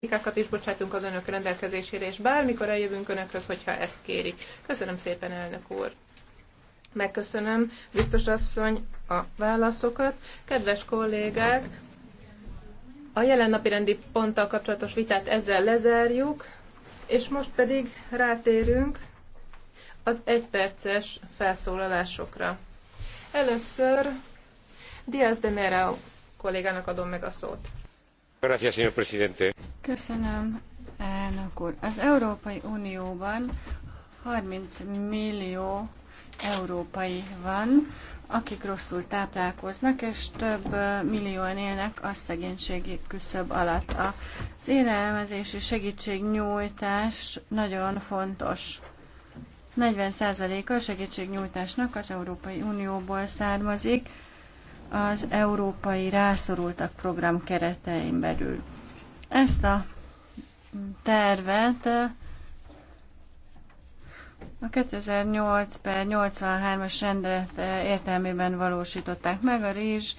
kritikákat is bocsátunk az önök rendelkezésére, és bármikor eljövünk önökhöz, hogyha ezt kérik. Köszönöm szépen, elnök úr! Megköszönöm, biztos asszony, a válaszokat. Kedves kollégák, a jelen napi rendi ponttal kapcsolatos vitát ezzel lezárjuk, és most pedig rátérünk az egyperces felszólalásokra. Először Diaz de Mera kollégának adom meg a szót. Köszönöm, Az Európai Unióban 30 millió európai van, akik rosszul táplálkoznak, és több millióan élnek a szegénységi küszöb alatt. Az élelmezés és segítségnyújtás nagyon fontos. 40%-a a segítségnyújtásnak az Európai Unióból származik, az Európai Rászorultak program keretein belül. Ezt a tervet a 2008 per 83-as rendelet értelmében valósították meg a rizs,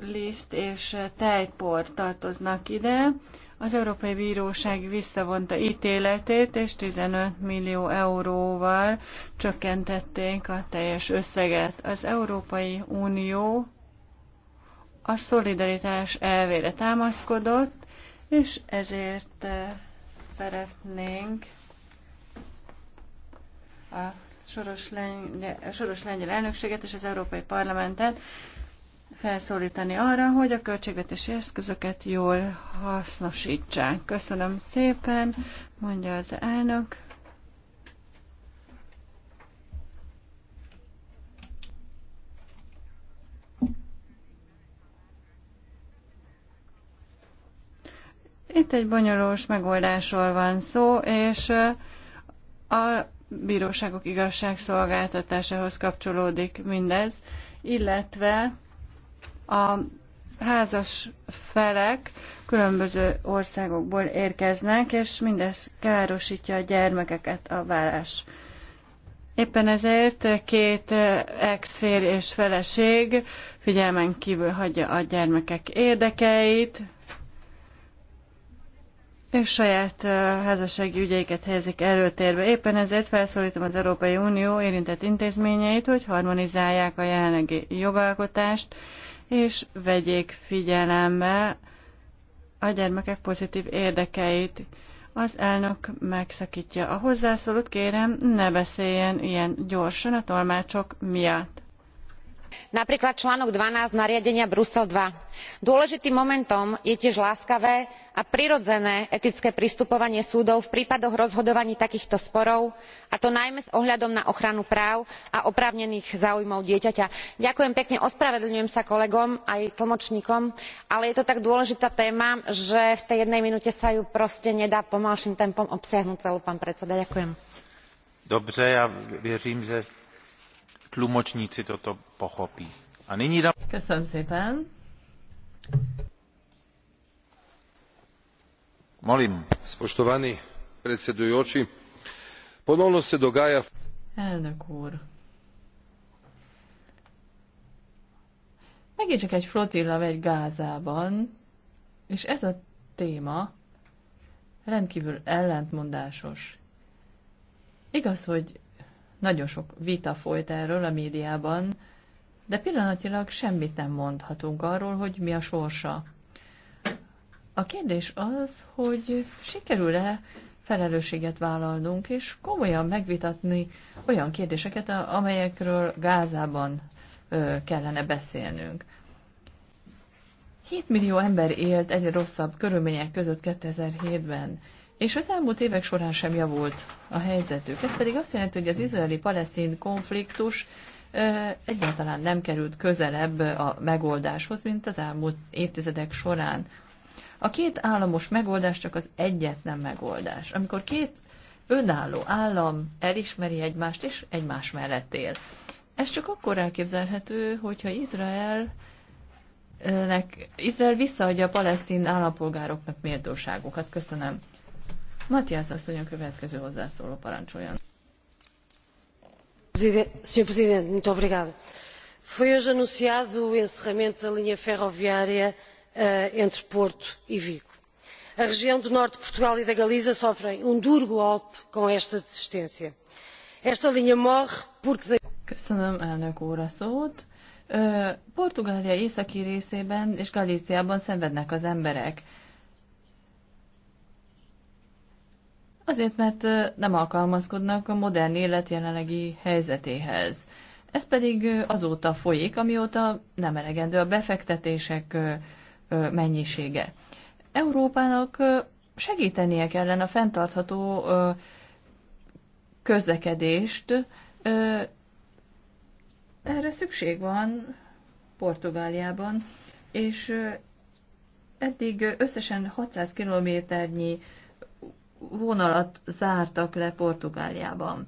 liszt és tejpor tartoznak ide. Az Európai Bíróság visszavonta ítéletét, és 15 millió euróval csökkentették a teljes összeget. Az Európai Unió a szolidaritás elvére támaszkodott, és ezért eh, szeretnénk a soros lengyel, soros lengyel elnökséget és az Európai Parlamentet felszólítani arra, hogy a költségvetési eszközöket jól hasznosítsák. Köszönöm szépen, mondja az elnök. Itt egy bonyolós megoldásról van szó, és a bíróságok igazságszolgáltatásához kapcsolódik mindez, illetve a házas felek különböző országokból érkeznek, és mindez károsítja a gyermekeket a vállás. Éppen ezért két ex-férj és feleség figyelmen kívül hagyja a gyermekek érdekeit, és saját házassági ügyeiket helyezik előtérbe. Éppen ezért felszólítom az Európai Unió érintett intézményeit, hogy harmonizálják a jelenlegi jogalkotást, és vegyék figyelembe a gyermekek pozitív érdekeit. Az elnök megszakítja a hozzászólót, kérem, ne beszéljen ilyen gyorsan a tolmácsok miatt napríklad článok twelve nariadenia brusel ii. dôležitým momentom je tiež láskavé a prirodzené etické pristupovanie súdov v prípadoch rozhodovaní takýchto sporov a to najmä s ohľadom na ochranu práv a oprávnených záujmov dieťaťa. ďakujem pekne ospravedlňujem sa kolegom aj tlmočníkom ale je to tak dôležitá téma že v tej jednej minúte sa ju proste nedá pomalším tempom obsiahnuť celú pán predseda. ďakujem tlumočníci toto pochopí. A nyní dám... Köszönöm szépen. Molim. Spoštovani predsedujoči, ponovno se dogaja... Elnök úr. Megint csak egy flotilla vegy Gázában, és ez a téma rendkívül ellentmondásos. Igaz, hogy nagyon sok vita folyt erről a médiában, de pillanatilag semmit nem mondhatunk arról, hogy mi a sorsa. A kérdés az, hogy sikerül-e felelősséget vállalnunk, és komolyan megvitatni olyan kérdéseket, amelyekről Gázában kellene beszélnünk. 7 millió ember élt egyre rosszabb körülmények között 2007-ben és az elmúlt évek során sem javult a helyzetük. Ez pedig azt jelenti, hogy az izraeli-palesztin konfliktus egyáltalán nem került közelebb a megoldáshoz, mint az elmúlt évtizedek során. A két államos megoldás csak az egyetlen megoldás. Amikor két önálló állam elismeri egymást és egymás mellett él. Ez csak akkor elképzelhető, hogyha Izrael Izrael visszaadja a palesztin állampolgároknak méltóságukat. Köszönöm. Matthias asszony a következő hozzászóló parancsoljon. Sr. Presidente, muito obrigada. Foi hoje anunciado o encerramento da linha ferroviária uh, entre Porto e Vigo. A região do norte de Portugal e da Galiza sofrem um duro golpe com esta desistência. Esta linha morre porque... Köszönöm elnök úr a szót. Portugália északi részében és Galíciában szenvednek az emberek Azért, mert nem alkalmazkodnak a modern élet jelenlegi helyzetéhez. Ez pedig azóta folyik, amióta nem elegendő a befektetések mennyisége. Európának segítenie kellene a fenntartható közlekedést. Erre szükség van Portugáliában, és eddig összesen 600 kilométernyi vonalat zártak le Portugáliában.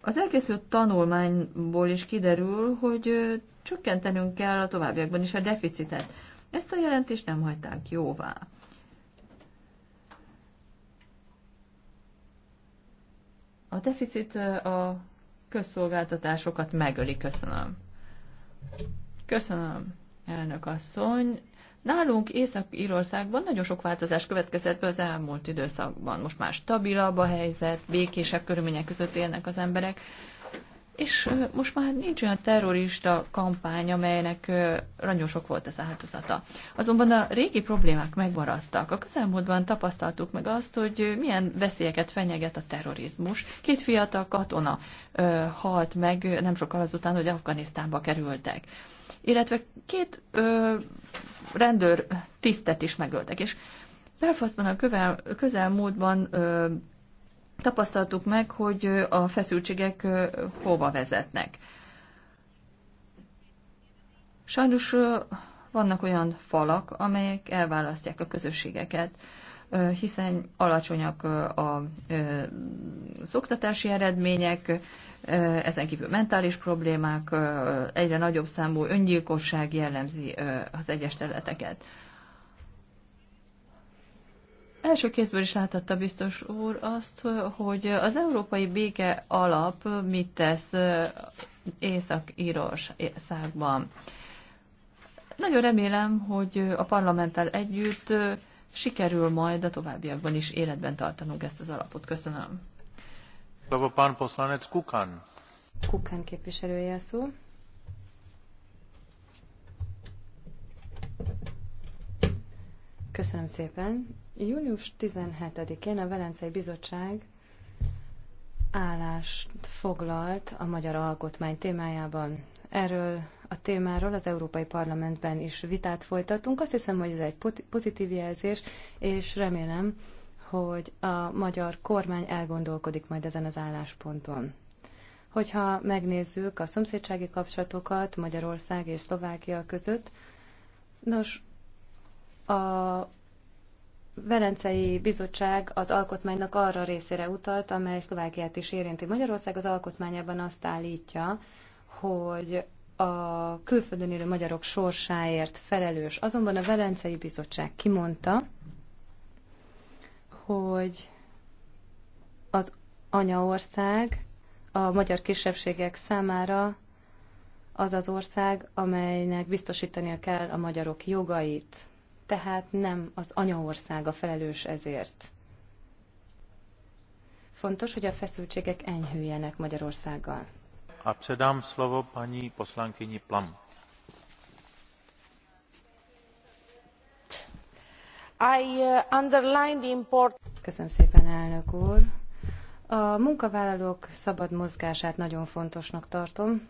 Az elkészült tanulmányból is kiderül, hogy csökkentenünk kell a továbbiakban is a deficitet. Ezt a jelentést nem hagyták jóvá. A deficit a közszolgáltatásokat megöli, köszönöm. Köszönöm, elnök asszony. Nálunk Észak-Írországban nagyon sok változás következett be az elmúlt időszakban. Most már stabilabb a helyzet, békésebb körülmények között élnek az emberek, és most már nincs olyan terrorista kampány, amelynek nagyon sok volt az áldozata. Azonban a régi problémák megmaradtak. A közelmúltban tapasztaltuk meg azt, hogy milyen veszélyeket fenyeget a terrorizmus. Két fiatal katona halt meg nem sokkal azután, hogy Afganisztánba kerültek illetve két ö, rendőr tisztet is megöltek. És Belfastban a kövel, közelmúltban ö, tapasztaltuk meg, hogy a feszültségek ö, hova vezetnek. Sajnos ö, vannak olyan falak, amelyek elválasztják a közösségeket, ö, hiszen alacsonyak a, szoktatási oktatási eredmények, ezen kívül mentális problémák, egyre nagyobb számú öngyilkosság jellemzi az egyes területeket. Első kézből is láthatta biztos úr azt, hogy az Európai Béke Alap mit tesz Észak-Írországban. Nagyon remélem, hogy a parlamenttel együtt sikerül majd a továbbiakban is életben tartanunk ezt az alapot. Köszönöm. Kukán. Köszönöm szépen. Június 17-én a Velencei Bizottság állást foglalt a magyar alkotmány témájában. Erről a témáról az Európai Parlamentben is vitát folytatunk. Azt hiszem, hogy ez egy pozitív jelzés, és remélem, hogy a magyar kormány elgondolkodik majd ezen az állásponton. Hogyha megnézzük a szomszédsági kapcsolatokat Magyarország és Szlovákia között, nos, a Velencei Bizottság az alkotmánynak arra részére utalt, amely Szlovákiát is érinti. Magyarország az alkotmányában azt állítja, hogy a külföldön élő magyarok sorsáért felelős. Azonban a Velencei Bizottság kimondta, hogy az anyaország a magyar kisebbségek számára az az ország, amelynek biztosítania kell a magyarok jogait. Tehát nem az anyaország a felelős ezért. Fontos, hogy a feszültségek enyhüljenek Magyarországgal. A szlovo slovo paní Plam. Uh, Köszönöm szépen, elnök úr. A munkavállalók szabad mozgását nagyon fontosnak tartom.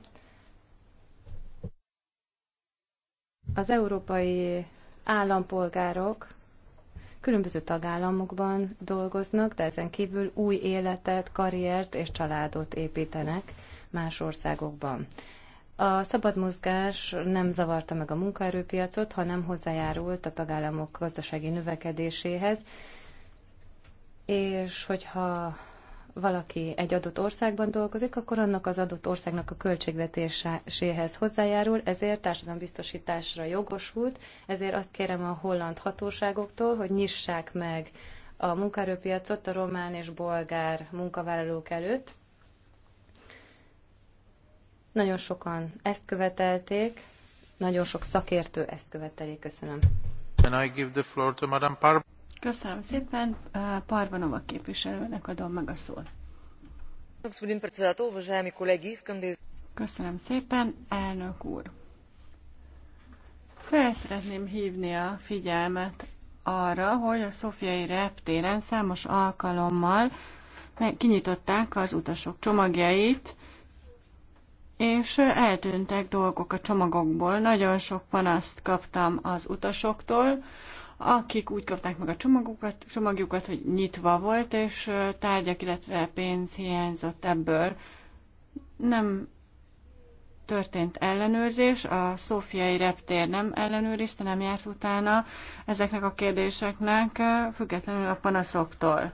Az európai állampolgárok különböző tagállamokban dolgoznak, de ezen kívül új életet, karriert és családot építenek más országokban. A szabad mozgás nem zavarta meg a munkaerőpiacot, hanem hozzájárult a tagállamok gazdasági növekedéséhez, és hogyha valaki egy adott országban dolgozik, akkor annak az adott országnak a költségvetéséhez hozzájárul, ezért társadalombiztosításra jogosult, ezért azt kérem a holland hatóságoktól, hogy nyissák meg a munkaerőpiacot a román és bolgár munkavállalók előtt, nagyon sokan ezt követelték, nagyon sok szakértő ezt követeli. Köszönöm. I give the floor to Madame Par- Köszönöm szépen. Parvanova képviselőnek adom meg a szót. Köszönöm szépen, elnök úr. Fel szeretném hívni a figyelmet arra, hogy a szofiai reptéren számos alkalommal kinyitották az utasok csomagjait, és eltűntek dolgok a csomagokból. Nagyon sok panaszt kaptam az utasoktól, akik úgy kapták meg a csomagukat, csomagjukat, hogy nyitva volt, és tárgyak, illetve pénz hiányzott ebből. Nem történt ellenőrzés, a szófiai reptér nem ellenőrizte, nem járt utána ezeknek a kérdéseknek, függetlenül a panaszoktól.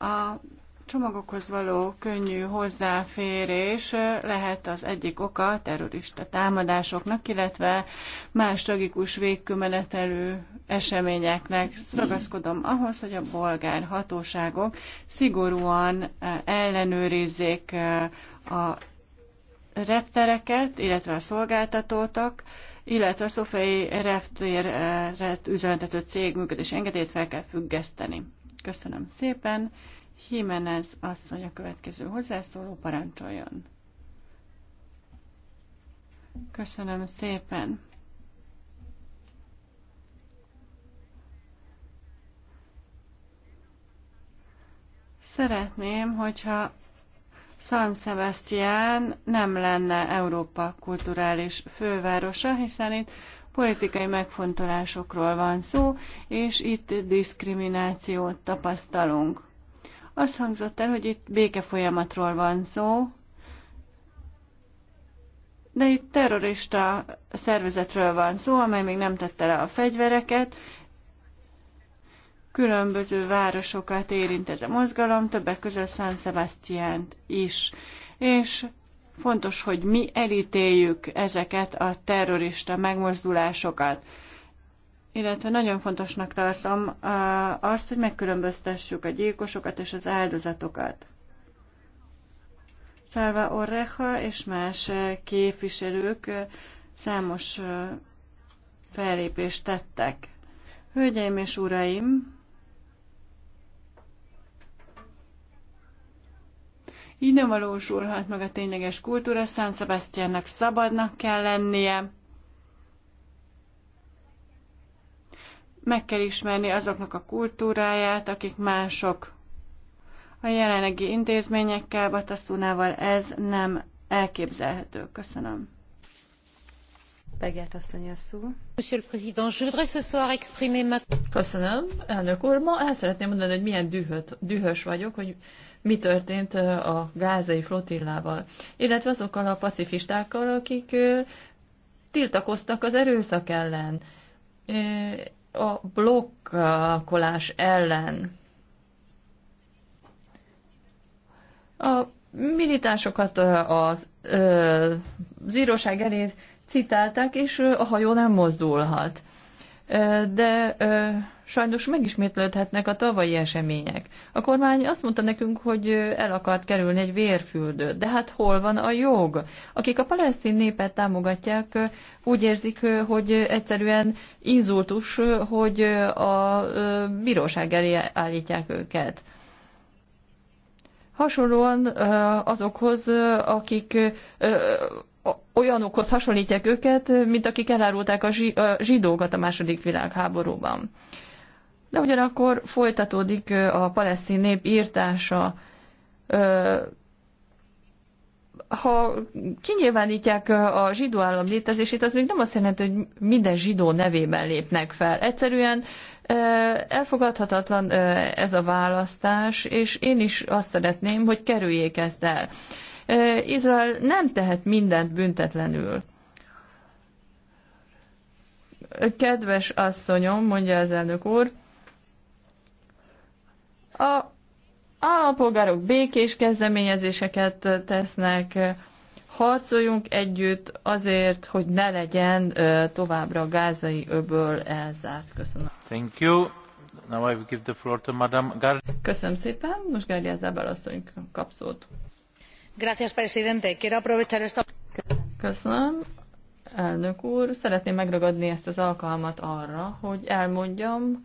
A csomagokhoz való könnyű hozzáférés lehet az egyik oka terrorista támadásoknak, illetve más tragikus végkümenetelő eseményeknek. Ragaszkodom ahhoz, hogy a bolgár hatóságok szigorúan ellenőrizzék a reptereket, illetve a szolgáltatótak, illetve a szofai reptéret üzemeltető cég működés engedélyt fel kell függeszteni. Köszönöm szépen! Jimenez asszony a következő hozzászóló parancsoljon. Köszönöm szépen. Szeretném, hogyha San Sebastián nem lenne Európa kulturális fővárosa, hiszen itt politikai megfontolásokról van szó, és itt diszkriminációt tapasztalunk. Az hangzott el, hogy itt béke folyamatról van szó, de itt terrorista szervezetről van szó, amely még nem tette le a fegyvereket. Különböző városokat érint ez a mozgalom, többek között San sebastian is. És fontos, hogy mi elítéljük ezeket a terrorista megmozdulásokat illetve nagyon fontosnak tartom azt, hogy megkülönböztessük a gyilkosokat és az áldozatokat. Szálva Orreha és más képviselők számos fellépést tettek. Hölgyeim és uraim, így nem valósulhat meg a tényleges kultúra, San Sebastiannak szabadnak kell lennie, meg kell ismerni azoknak a kultúráját, akik mások. A jelenlegi intézményekkel, Batasztunával ez nem elképzelhető. Köszönöm. Begert asszony a szó. Monsieur le Président, je voudrais ce soir exprimer ma... Köszönöm, elnök úr. Ma el szeretném mondani, hogy milyen dühöt, dühös vagyok, hogy mi történt a gázai flotillával, illetve azokkal a pacifistákkal, akik tiltakoztak az erőszak ellen a blokkolás ellen. A militánsokat az, az íróság elé citálták, és a hajó nem mozdulhat. De sajnos megismétlődhetnek a tavalyi események. A kormány azt mondta nekünk, hogy el akart kerülni egy vérfüldőt, de hát hol van a jog? Akik a palesztin népet támogatják, úgy érzik, hogy egyszerűen inzultus, hogy a bíróság elé állítják őket. Hasonlóan azokhoz, akik olyanokhoz hasonlítják őket, mint akik elárulták a zsidókat a második világháborúban de ugyanakkor folytatódik a palesztin nép írtása. Ha kinyilvánítják a zsidó állam létezését, az még nem azt jelenti, hogy minden zsidó nevében lépnek fel. Egyszerűen elfogadhatatlan ez a választás, és én is azt szeretném, hogy kerüljék ezt el. Izrael nem tehet mindent büntetlenül. Kedves asszonyom, mondja az elnök úr, a állampolgárok békés kezdeményezéseket tesznek, harcoljunk együtt azért, hogy ne legyen továbbra a gázai öböl elzárt. Köszönöm. Thank you. Now I will give the floor to Madame Gar Köszönöm szépen. Most Gárdia Zábel asszony kap szót. Gracias, presidente. Quiero aprovechar esta... Köszönöm. Elnök úr, szeretném megragadni ezt az alkalmat arra, hogy elmondjam,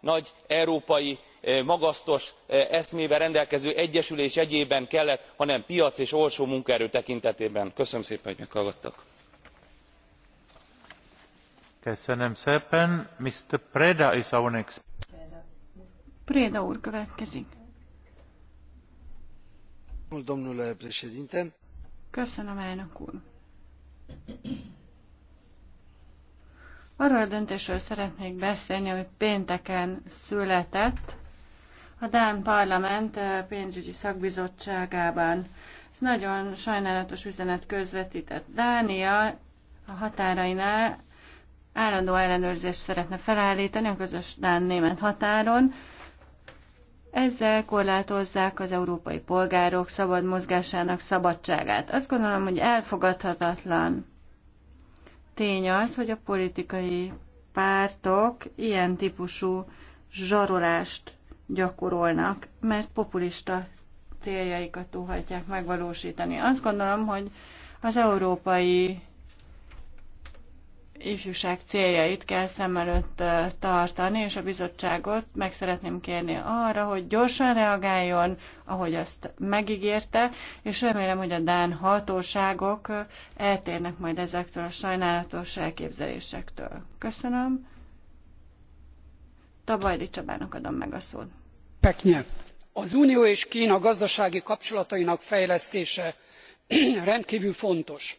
nagy európai eh, magasztos eh, eszmével rendelkező egyesülés jegyében kellett hanem piac és olcsó munkaerő tekintetében. köszönöm szépen hogy meghallgattak. preda úr köszönöm Arról a döntésről szeretnék beszélni, ami pénteken született a Dán Parlament eh, pénzügyi szakbizottságában. Ez nagyon sajnálatos üzenet közvetített. Dánia a határainál állandó ellenőrzést szeretne felállítani a közös Dán-német határon. Ezzel korlátozzák az európai polgárok szabad mozgásának szabadságát. Azt gondolom, hogy elfogadhatatlan Tény az, hogy a politikai pártok ilyen típusú zsarolást gyakorolnak, mert populista céljaikat tudhatják megvalósítani. Azt gondolom, hogy az európai ifjúság céljait kell szem előtt tartani, és a bizottságot meg szeretném kérni arra, hogy gyorsan reagáljon, ahogy azt megígérte, és remélem, hogy a Dán hatóságok eltérnek majd ezektől a sajnálatos elképzelésektől. Köszönöm. Tabajdi Csabának adom meg a szót. Peknye. Az Unió és Kína gazdasági kapcsolatainak fejlesztése rendkívül fontos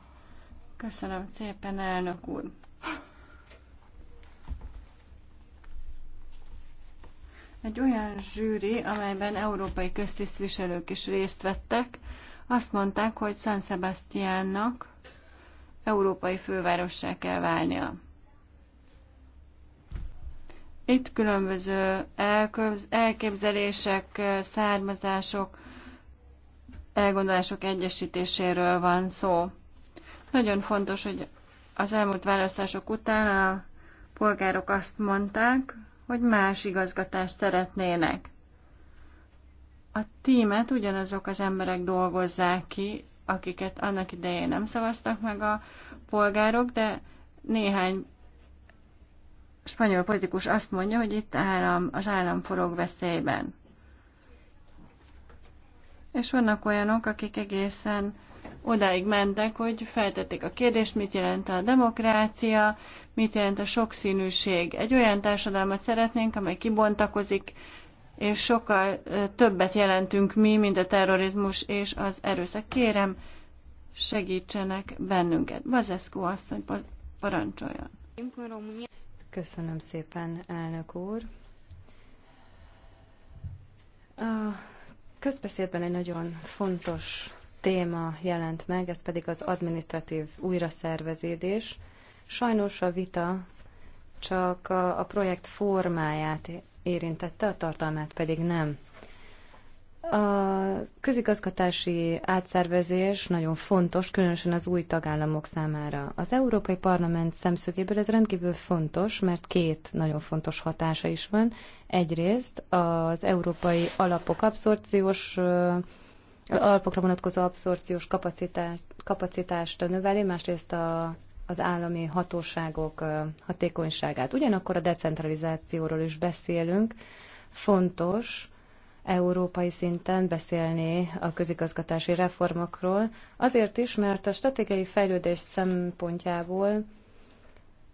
Köszönöm szépen, elnök úr. Egy olyan zsűri, amelyben európai köztisztviselők is részt vettek, azt mondták, hogy San Sebastiánnak európai fővárossá kell válnia. Itt különböző elképzelések, származások, elgondolások egyesítéséről van szó. Nagyon fontos, hogy az elmúlt választások után a polgárok azt mondták, hogy más igazgatást szeretnének. A tímet ugyanazok az emberek dolgozzák ki, akiket annak idején nem szavaztak meg a polgárok, de néhány spanyol politikus azt mondja, hogy itt állam, az állam forog veszélyben. És vannak olyanok, akik egészen odáig mentek, hogy feltették a kérdést, mit jelent a demokrácia, mit jelent a sokszínűség. Egy olyan társadalmat szeretnénk, amely kibontakozik, és sokkal többet jelentünk mi, mint a terrorizmus és az erőszak. Kérem, segítsenek bennünket. Bazeszkó asszony, parancsoljon. Köszönöm szépen, elnök úr. A közbeszédben egy nagyon fontos téma jelent meg, ez pedig az administratív újraszerveződés. Sajnos a vita csak a, a projekt formáját érintette, a tartalmát pedig nem. A közigazgatási átszervezés nagyon fontos, különösen az új tagállamok számára. Az Európai Parlament szemszögéből ez rendkívül fontos, mert két nagyon fontos hatása is van. Egyrészt az európai alapok abszorciós alapokra vonatkozó abszorciós kapacitást, kapacitást növeli, másrészt a, az állami hatóságok hatékonyságát. Ugyanakkor a decentralizációról is beszélünk. Fontos európai szinten beszélni a közigazgatási reformokról, azért is, mert a stratégiai fejlődés szempontjából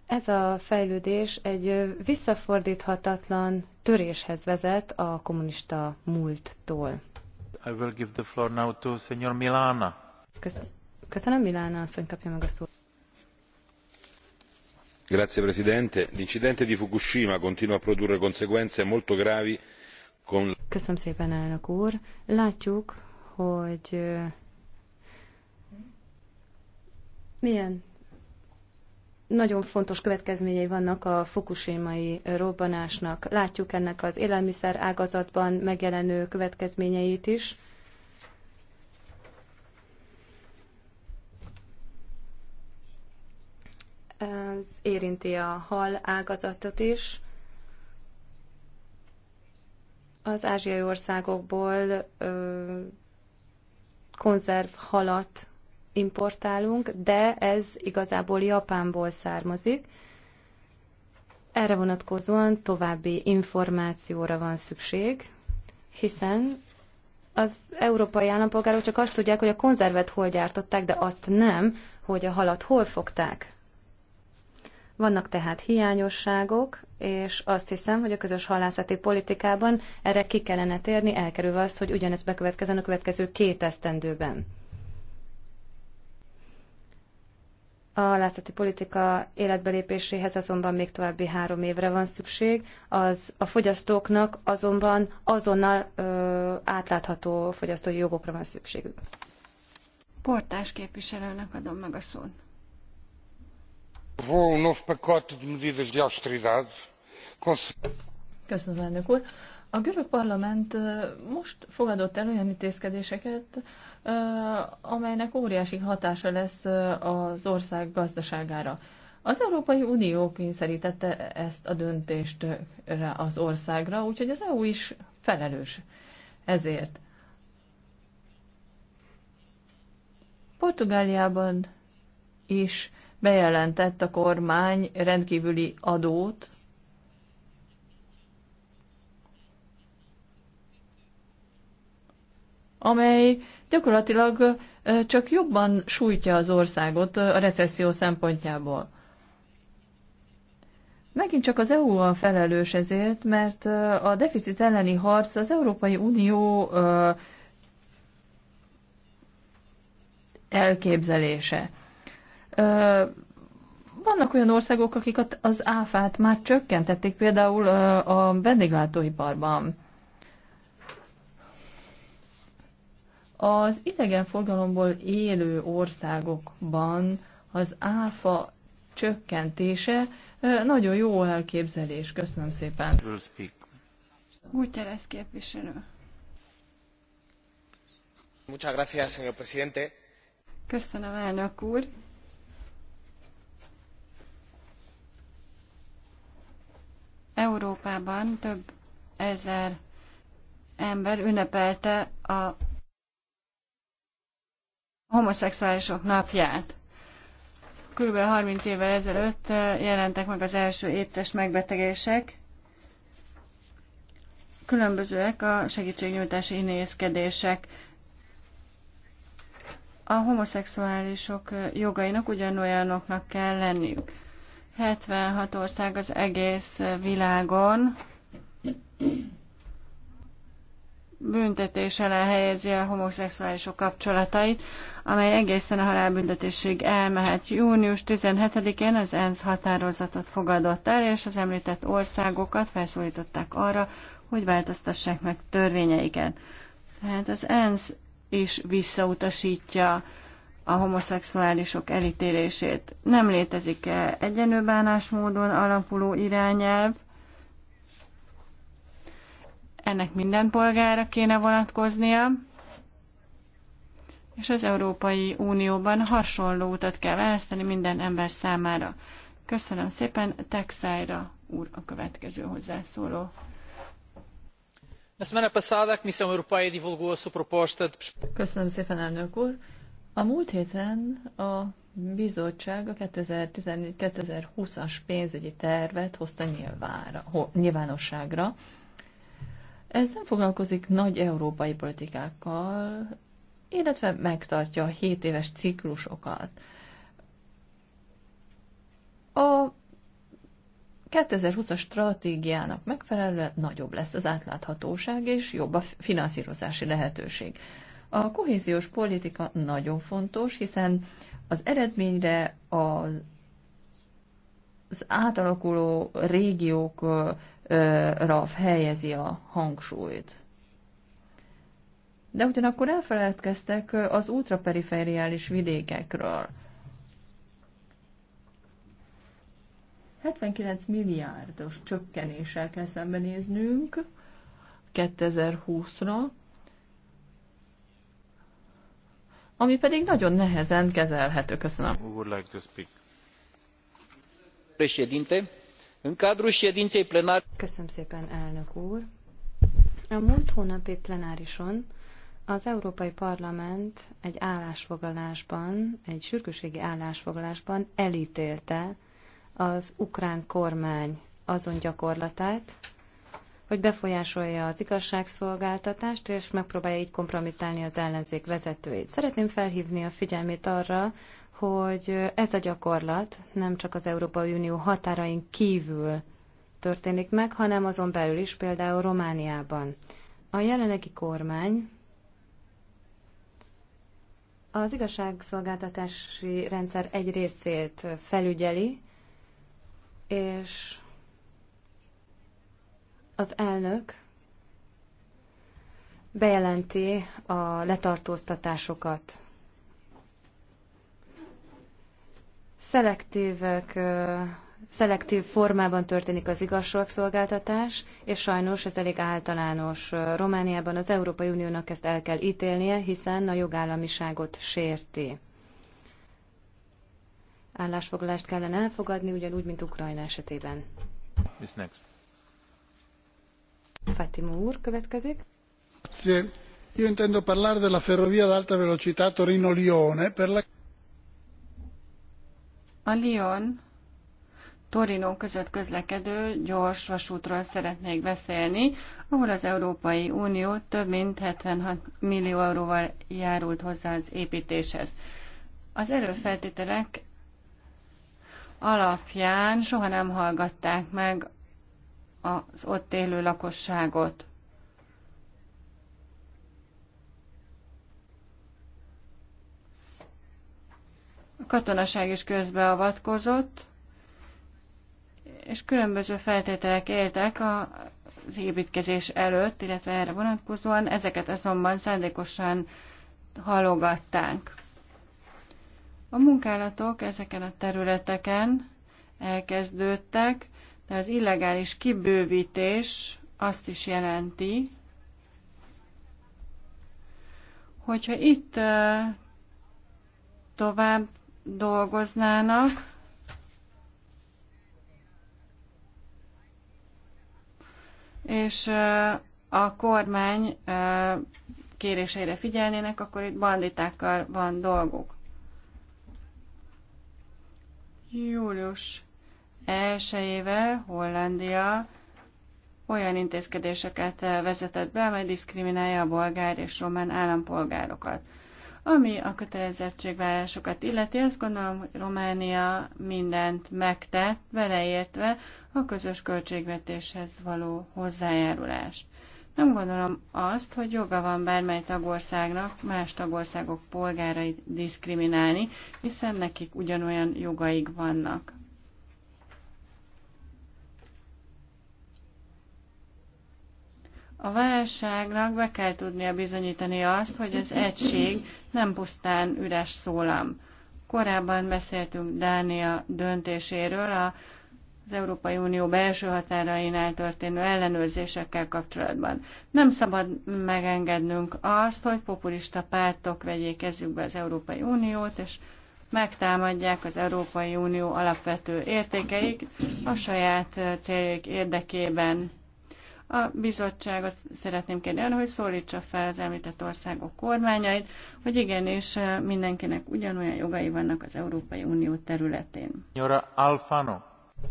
ez a fejlődés egy visszafordíthatatlan töréshez vezet a kommunista múlttól. I will give the floor now to Senor Milana. Köszönöm, Köszönöm Milana asszony kapja meg a szót. Grazie Presidente. L'incidente di Fukushima continua a produrre conseguenze molto gravi con... Köszönöm szépen, elnök úr. Látjuk, hogy milyen nagyon fontos következményei vannak a fukushimai robbanásnak. Látjuk ennek az élelmiszer ágazatban megjelenő következményeit is. Ez érinti a hal ágazatot is. Az ázsiai országokból ö, konzerv halat importálunk, de ez igazából Japánból származik. Erre vonatkozóan további információra van szükség, hiszen az európai állampolgárok csak azt tudják, hogy a konzervet hol gyártották, de azt nem, hogy a halat hol fogták. Vannak tehát hiányosságok, és azt hiszem, hogy a közös halászati politikában erre ki kellene térni, elkerülve azt, hogy ugyanezt bekövetkezzen a következő két esztendőben. A lászati politika életbelépéséhez azonban még további három évre van szükség, az a fogyasztóknak azonban azonnal ö, átlátható fogyasztói jogokra van szükségük. Portás képviselőnek adom meg a szót. Vou um novo pacote de medidas de austeridade. Köszönöm, elnök úr. A görög parlament most fogadott el olyan intézkedéseket, amelynek óriási hatása lesz az ország gazdaságára. Az Európai Unió kényszerítette ezt a döntést az országra, úgyhogy az EU is felelős ezért. Portugáliában is bejelentett a kormány rendkívüli adót amely gyakorlatilag csak jobban sújtja az országot a recesszió szempontjából. Megint csak az EU a felelős ezért, mert a deficit elleni harc az Európai Unió elképzelése. Vannak olyan országok, akik az áfát már csökkentették, például a vendéglátóiparban. Az idegenforgalomból élő országokban az áfa csökkentése nagyon jó elképzelés. Köszönöm szépen. Gutiérrez képviselő. Muchas gracias, señor presidente. Köszönöm, elnök úr. Európában több ezer ember ünnepelte a a homoszexuálisok napját. Körülbelül 30 évvel ezelőtt eh, jelentek meg az első étszes megbetegések. Különbözőek a segítségnyújtási intézkedések. A homoszexuálisok eh, jogainak ugyanolyanoknak kell lenniük. 76 ország az egész eh, világon büntetés alá helyezi a homoszexuálisok kapcsolatait, amely egészen a halálbüntetésig elmehet. Június 17-én az ENSZ határozatot fogadott el, és az említett országokat felszólították arra, hogy változtassák meg törvényeiket. Tehát az ENSZ is visszautasítja a homoszexuálisok elítélését. Nem létezik -e egyenlő alapuló irányelv, ennek minden polgára kéne vonatkoznia, és az Európai Unióban hasonló utat kell választani minden ember számára. Köszönöm szépen, Texaira úr a következő hozzászóló. Köszönöm szépen, elnök úr. A múlt héten a bizottság a 2014-2020-as pénzügyi tervet hozta nyilvánosságra, ez nem foglalkozik nagy európai politikákkal, illetve megtartja a 7 éves ciklusokat. A 2020-as stratégiának megfelelően nagyobb lesz az átláthatóság és jobb a finanszírozási lehetőség. A kohéziós politika nagyon fontos, hiszen az eredményre a, az átalakuló régiók RAF helyezi a hangsúlyt. De ugyanakkor elfeledkeztek az ultraperiferiális vidékekről. 79 milliárdos csökkenéssel kell szembenéznünk 2020-ra, ami pedig nagyon nehezen kezelhető. Köszönöm. Președinte, În cadrul ședinței plenare... Köszönöm szépen, elnök úr! A múlt hónapi plenárison az Európai Parlament egy állásfoglalásban, egy sürgőségi állásfoglalásban elítélte az ukrán kormány azon gyakorlatát, hogy befolyásolja az igazságszolgáltatást, és megpróbálja így kompromittálni az ellenzék vezetőit. Szeretném felhívni a figyelmét arra, hogy ez a gyakorlat nem csak az Európai Unió határain kívül történik meg, hanem azon belül is, például Romániában. A jelenlegi kormány az igazságszolgáltatási rendszer egy részét felügyeli, és az elnök bejelenti a letartóztatásokat. szelektívek, szelektív formában történik az igazságszolgáltatás, és sajnos ez elég általános. Romániában az Európai Uniónak ezt el kell ítélnie, hiszen a jogállamiságot sérti. Állásfoglalást kellene elfogadni, ugyanúgy, mint Ukrajna esetében. Mi next? Fatima úr következik. Io intendo parlare della ferrovia ad alta velocità Torino-Lione per la a Lyon Torino között közlekedő gyors vasútról szeretnék beszélni, ahol az Európai Unió több mint 76 millió euróval járult hozzá az építéshez. Az erőfeltételek alapján soha nem hallgatták meg az ott élő lakosságot. katonaság is közbeavatkozott, és különböző feltételek éltek az építkezés előtt, illetve erre vonatkozóan, ezeket azonban szándékosan halogatták. A munkálatok ezeken a területeken elkezdődtek, de az illegális kibővítés azt is jelenti, hogyha itt tovább dolgoznának. És a kormány kéréseire figyelnének, akkor itt banditákkal van dolguk. Július 1 Hollandia olyan intézkedéseket vezetett be, amely diszkriminálja a bolgár és román állampolgárokat. Ami a kötelezettségvállásokat illeti, azt gondolom, hogy Románia mindent megtett, beleértve a közös költségvetéshez való hozzájárulást. Nem gondolom azt, hogy joga van bármely tagországnak más tagországok polgárait diszkriminálni, hiszen nekik ugyanolyan jogaik vannak. A válságnak be kell tudnia bizonyítani azt, hogy az egység nem pusztán üres szólam. Korábban beszéltünk Dánia döntéséről a az Európai Unió belső határainál történő ellenőrzésekkel kapcsolatban. Nem szabad megengednünk azt, hogy populista pártok vegyék kezükbe az Európai Uniót, és megtámadják az Európai Unió alapvető értékeik a saját céljék érdekében a bizottságot szeretném kérni arra, hogy szólítsa fel az említett országok kormányait, hogy igenis mindenkinek ugyanolyan jogai vannak az Európai Unió területén. Nyora Alfano.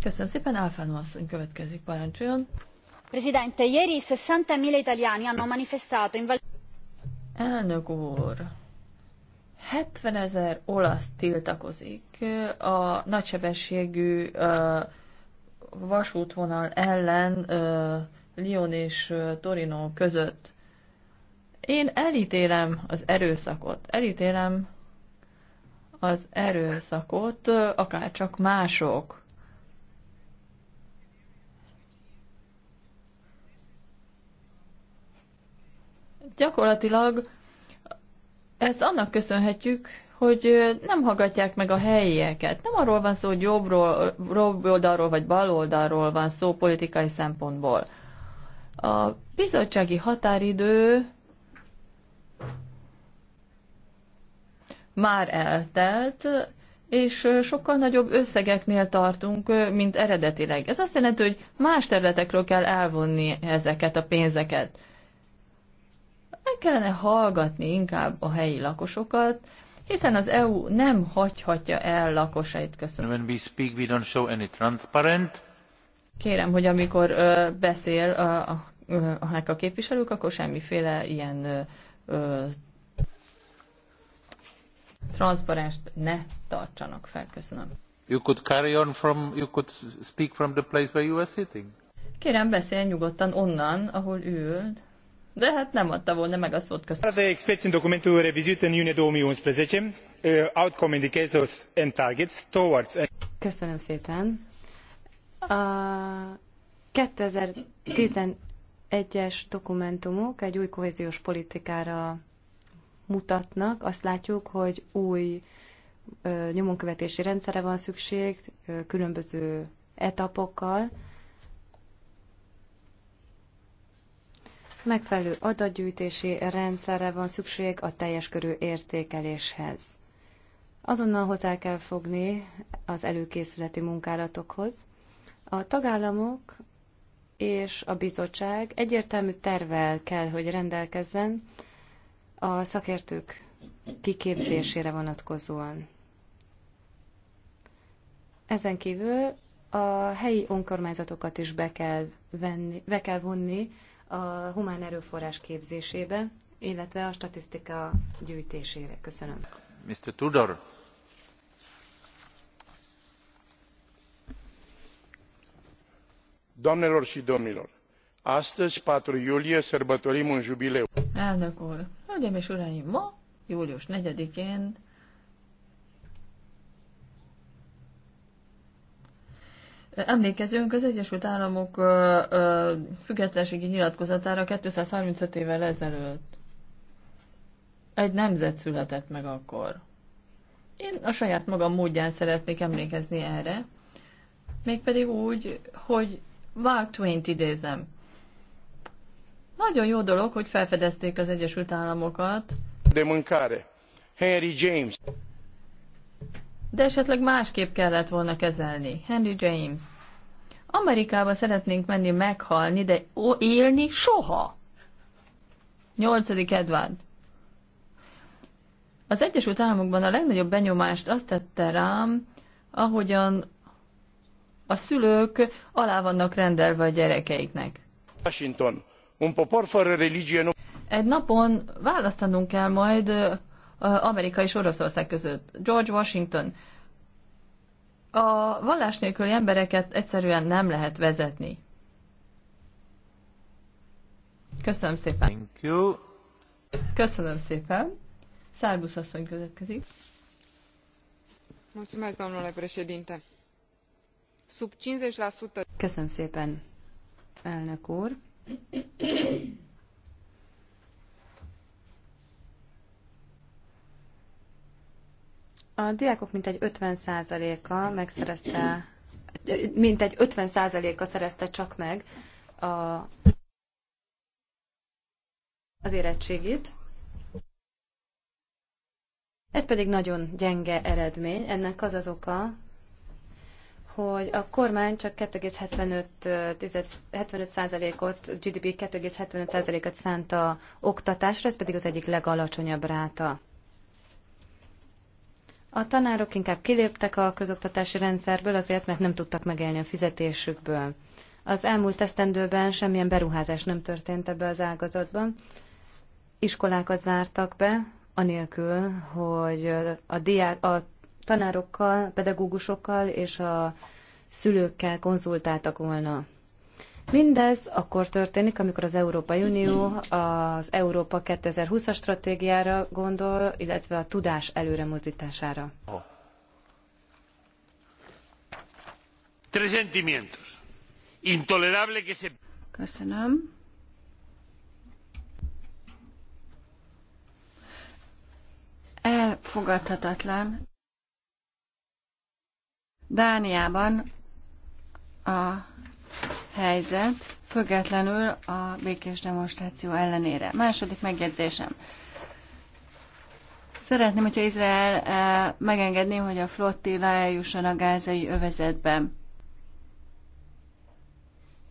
Köszönöm szépen, Alfano asszony következik, parancsoljon. Presidente, ieri 60.000 italiani hanno manifestato in Val- Elnök úr, 70 ezer olasz tiltakozik a nagysebességű vasútvonal ellen Lyon és Torino között. Én elítélem az erőszakot, elítélem az erőszakot, akár csak mások. Gyakorlatilag ezt annak köszönhetjük, hogy nem hallgatják meg a helyieket. Nem arról van szó, hogy jobbról, jobb oldalról vagy bal oldalról van szó politikai szempontból. A bizottsági határidő már eltelt, és sokkal nagyobb összegeknél tartunk, mint eredetileg. Ez azt jelenti, hogy más területekről kell elvonni ezeket a pénzeket. Meg kellene hallgatni inkább a helyi lakosokat, hiszen az EU nem hagyhatja el lakosait. Köszönöm. When we speak, we don't show any transparent. Kérem, hogy amikor ö, beszél a, a, a képviselők, akkor semmiféle ilyen ö, transzparenst ne tartsanak fel. Köszönöm. You could carry on from, you could speak from the place where you were sitting. Kérem, beszél nyugodtan onnan, ahol ül. De hát nem adta volna meg a szót köszönöm. között. Experți în documentul revizuit în iunie 2011, uh, Outcome Indicators and Targets towards... Köszönöm szépen. A 2011-es dokumentumok egy új kohéziós politikára mutatnak. Azt látjuk, hogy új nyomonkövetési rendszere van szükség, különböző etapokkal, megfelelő adatgyűjtési rendszerre van szükség a teljes körű értékeléshez. Azonnal hozzá kell fogni az előkészületi munkálatokhoz, a tagállamok és a bizottság egyértelmű tervel kell, hogy rendelkezzen a szakértők kiképzésére vonatkozóan. Ezen kívül a helyi önkormányzatokat is be kell, venni, be kell vonni a humán erőforrás képzésébe, illetve a statisztika gyűjtésére. Köszönöm. Mr. Tudor. doamnelor și domnilor astăzi patru iulie sărbătorim un jubileu. Elnök úr, hölgyeim és uraim, ma, július 4-én Emlékezünk az Egyesült Államok ö, ö, függetlenségi nyilatkozatára 235 évvel ezelőtt. Egy nemzet született meg akkor. Én a saját magam módján szeretnék emlékezni erre, mégpedig úgy, hogy Mark twain idézem. Nagyon jó dolog, hogy felfedezték az Egyesült Államokat. De mancare. Henry James. De esetleg másképp kellett volna kezelni. Henry James. Amerikába szeretnénk menni meghalni, de élni soha. Nyolcadik Edward. Az Egyesült Államokban a legnagyobb benyomást azt tette rám, ahogyan a szülők alá vannak rendelve a gyerekeiknek. Washington, un popor fără religie nu... Egy napon választanunk kell majd Amerika és Oroszország között. George Washington. A vallás nélküli embereket egyszerűen nem lehet vezetni. Köszönöm szépen. Thank you. Köszönöm szépen. Szárbusz asszony következik. Mulțumesc, domnule președinte sub 50%. Köszönöm szépen, elnök úr. A diákok mintegy 50%-a megszerezte, mintegy 50%-a szerezte csak meg a, az érettségit. Ez pedig nagyon gyenge eredmény. Ennek az az oka, hogy a kormány csak 2,75%-ot, GDP 2,75%-ot szánt a oktatásra, ez pedig az egyik legalacsonyabb ráta. A tanárok inkább kiléptek a közoktatási rendszerből azért, mert nem tudtak megélni a fizetésükből. Az elmúlt esztendőben semmilyen beruházás nem történt ebbe az ágazatban. Iskolákat zártak be, anélkül, hogy a, diák, a tanárokkal, pedagógusokkal és a szülőkkel konzultáltak volna. Mindez akkor történik, amikor az Európai Unió az Európa 2020-as stratégiára gondol, illetve a tudás előremozdítására. Tres sentimientos. Intolerable que se... Köszönöm. Elfogadhatatlan, Dániában a helyzet függetlenül a békés demonstráció ellenére. Második megjegyzésem. Szeretném, hogyha Izrael eh, megengedné, hogy a flottilla eljusson a gázai övezetbe.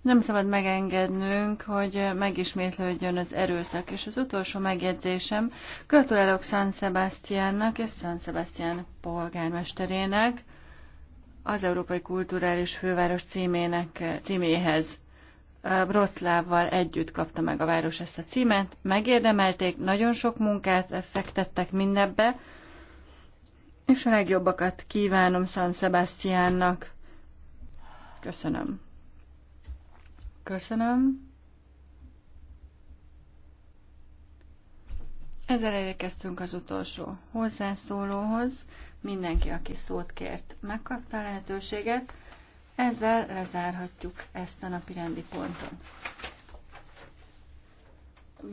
Nem szabad megengednünk, hogy megismétlődjön az erőszak. És az utolsó megjegyzésem, gratulálok San Sebastiánnak és San Sebastián polgármesterének, az Európai Kulturális Főváros címének, címéhez. Brotlávval együtt kapta meg a város ezt a címet, megérdemelték, nagyon sok munkát fektettek mindebbe, és a legjobbakat kívánom San Sebastiánnak. Köszönöm. Köszönöm. Ezzel érkeztünk az utolsó hozzászólóhoz. Mindenki, aki szót kért, megkapta a lehetőséget. Ezzel lezárhatjuk ezt a napi rendi pontot.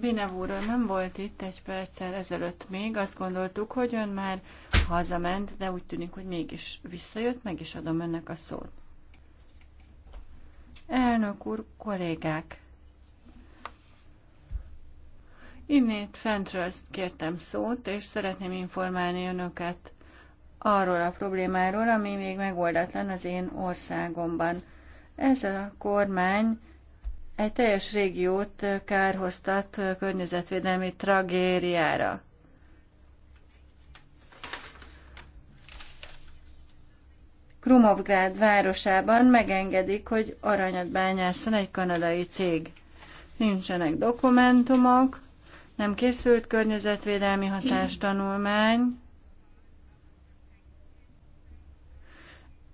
Binev úr, nem volt itt egy perccel ezelőtt még, azt gondoltuk, hogy ön már hazament, de úgy tűnik, hogy mégis visszajött, meg is adom önnek a szót. Elnök úr, kollégák! Innét fentről kértem szót, és szeretném informálni önöket arról a problémáról, ami még megoldatlan az én országomban. Ez a kormány egy teljes régiót kárhoztat környezetvédelmi tragériára. Krumovgrád városában megengedik, hogy aranyat bányásson egy kanadai cég. Nincsenek dokumentumok, nem készült környezetvédelmi hatástanulmány,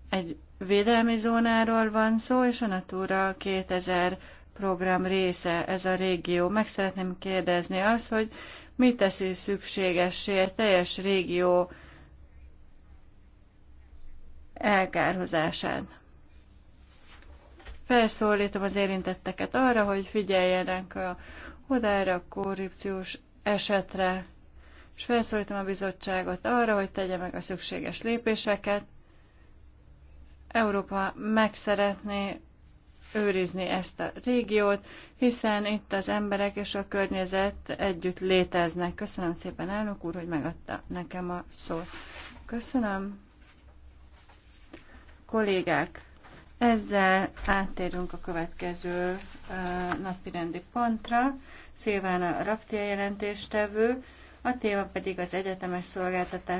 Egy védelmi zónáról van szó, és a Natura 2000 program része ez a régió. Meg szeretném kérdezni azt, hogy mi teszi szükségessé a teljes régió elkárhozását. Felszólítom az érintetteket arra, hogy figyeljenek a, oda a korrupciós esetre, és felszólítom a bizottságot arra, hogy tegye meg a szükséges lépéseket, Európa meg szeretné őrizni ezt a régiót, hiszen itt az emberek és a környezet együtt léteznek. Köszönöm szépen, elnök úr, hogy megadta nekem a szót. Köszönöm. Kollégák, ezzel áttérünk a következő uh, rendi pontra. Szilván a raptia jelentéstevő, a téma pedig az egyetemes szolgáltatás.